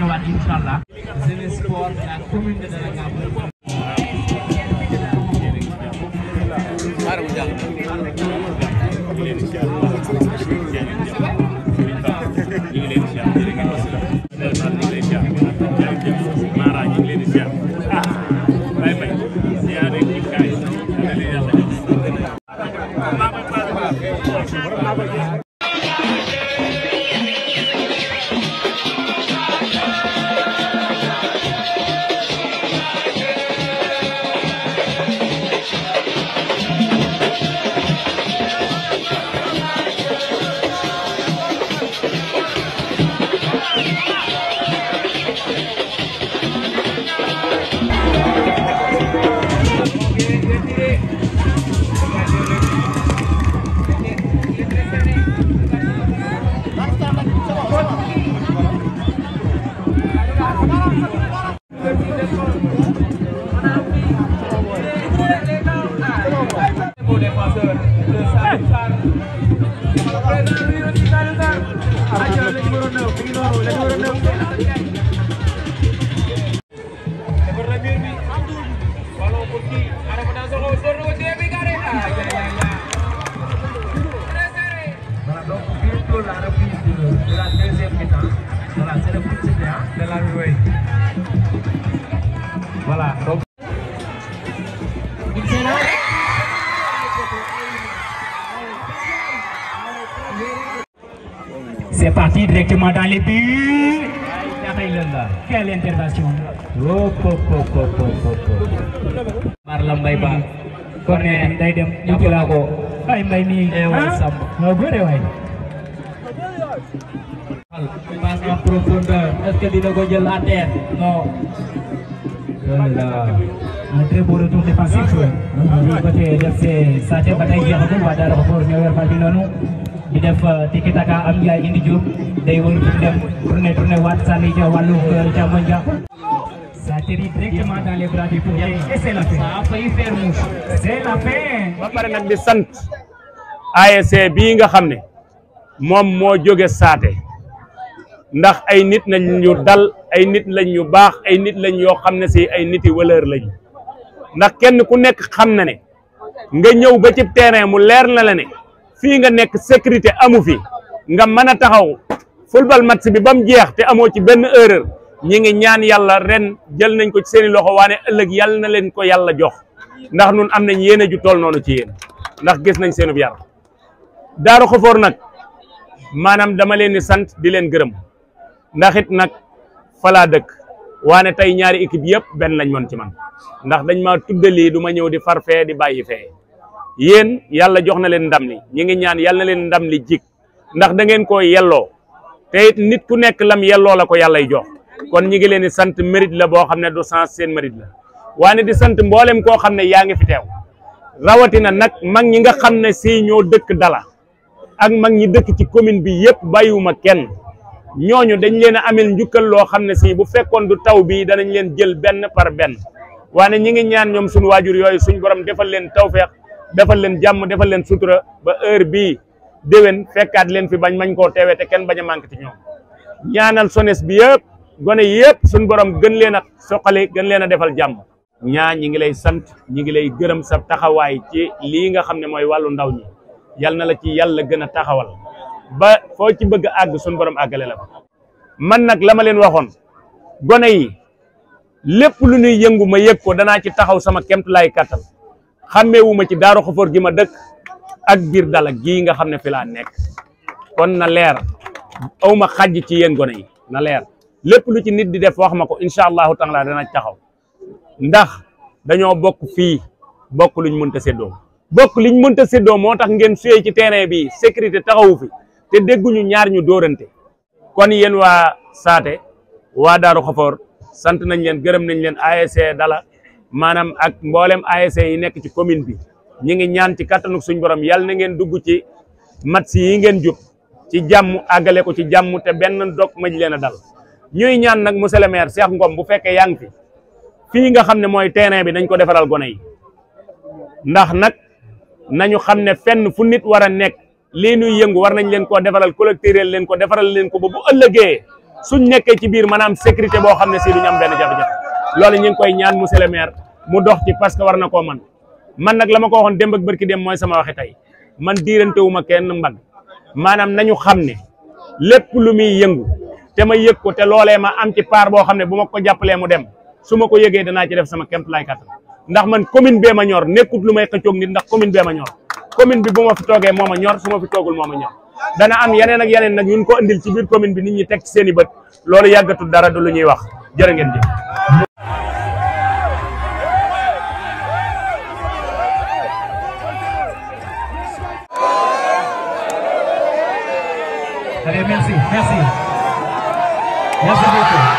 ñëwaat incha allah jeunesse sport la commune de Thank you. Ayo, lagi turun dong, lagi turun, lagi turun dong. voilà donc C'est parti directement dans les buts. Quelle intervention. Oh, oh, oh, oh, oh, oh. Marlam Bayba. Corner day dem ñu jëla ko. Ay Eh way ah? sam. No gore eh way. Passe en profondeur. Est-ce que terre? Non. Menteri buruh tu lepas itu, betul jadi saja batai dia hukum pada rapor Newar Patilonu. Bidaf tiket agak ambil ini juk, dia pun bidaf turne turne wat sani jauh walu jaman jah. Satiri direct mata lebra di punya. Selape, apa ini termus? Selape. Bapak nak disan. ASC bii nga xam ne moom moo jóge saate ndax ay nit nañ ñu dal ay nit lañ yu baax ay nit lañ yo xamne ci ay nit yi waleur lañ ndax kenn ku nek xamna ne nga ñew ba ci terrain mu leer na la ne fi nga nek sécurité amu fi nga mëna taxaw football match bi bam jeex te amo ci ben erreur ñi ngi ñaan yalla ren jël nañ ko ci seen loxo waane ëlëk yalla na leen ko yalla jox ndax nun am nañ yene ju toll nonu ci yéen ndax gis nañ seenu yar Daaru xofor nak manam dama leen di sant di leen gërëm ndax it falaa dëkk waane tey ñaari équipe yëpp benn lañ mën ci man ndax dañ ma tuddalii du ma ñëw di farfee di bàyyi fee yéen yàlla jox na leen ndam li ñi ngi ñaan yàlla na leen ndam li jik ndax da ngeen koo yelloo te nit ku nekk lam yelloo la ko yàllay jox kon ñi ngi leen di sant mérite la boo xam ne du sens seen mérite la waane di sant mboolem koo xam ne yaa ngi fi teew rawatina nag mag ñi nga xam ne si ñoo dëkk dala ak mag ñi dëkk ci commune bi yëpp bàyyiwuma kenn ñooñu dañ leen a amel njukkal loo xam ne sii bu fekkoon du taw bii danañ leen jël benn par benn waane ñi ngi ñaan ñoom suñu waajur yooyu suñ borom defal leen tawfeex defal leen jàmm defal leen sutura ba heure bii déwén fekkaat leen fi bañ mañ koo teewee te kenn bañ a manqué ci ñoom ñaanal sones bi yëpp gone yëpp suñ borom gën leen a soqali gën leen a defal jàmm ñaa ñi ngi lay sant ñi ngi lay gërëm sa taxawaay ci lii nga xam ne mooy wàllu ndaw ñi yal na la ci yàlla gën a taxawal ba fo ci bëgg ag suñu borom agalé la man nag lama leen waxon goné yi lepp lu ñuy yëngu ma yëg ko dana ci taxaw sama kemp kemtulaay kàttan xàmmeewu ma ci daaru xofor gi ma dëkk ak dal dala gi nga xamné ne fi la nekk kon na leer awma ma xajj ci yéen gone yi na leer lepp lu ci nit di def wax ma ko taala dana taxaw ndax daño bok fi bok luñ ta seddo bok liñ mën ta seddo motax ngeen suyee ci terrain bi sécurité taxawu fi te dégguñu ñaar ñu dóorante kon yéen waa Saate waa Daaru Xofoor sant nañ leen gërëm nañ leen ASC Dala maanaam ak mboolem ASC yi nekk ci commune bi ñu ngi ñaan ci kattanuk suñ borom yàlla na ngeen dugg ci match yi ngeen jub ci jàmm àggale ko ci jàmm te benn dog maj leen a dal ñuy ñaan nag monsieur le maire Cheikh Ngom bu fekkee yaa ngi fi fii nga xam ne mooy terrain bi nañ ko defaral gone yi ndax nag nañu xam ne fenn fu nit war a nekk lii nuy yëngu war nañ leen ko defaral collecteur leen ko defaral leen ko ba bu ëllëgee suñ nekkee ci biir maanaam sécurité boo xam ne si duñu am benn jafe-jafe loolu ñu ngi koy ñaan monsieur le maire mu dox ci parce que war na ko man man nag la ma ko waxoon démb ak bërki dem mooy sama waxe tey man diirante wu ma kenn mbagg maanaam nañu xam ne lépp lu muy yëngu te ma yëg ko te loolee ma am ci part boo xam ne bu ma ko jàppalee mu dem su ma ko yëgee danaa ci def sama kéemtalaay kàttan ndax man commune bee ma ñor nekkut lu ndax commune bee ma ñor commune bi buma fi toge moma ñor suma fi togul moma ñor dana am yenen ak yenen nak ñun ko andil ci biir commune bi nit ñi tek ci seeni i lolu yagatu dara du lu ñuy wax jere ngeen jëf Allez, merci, merci. Merci beaucoup.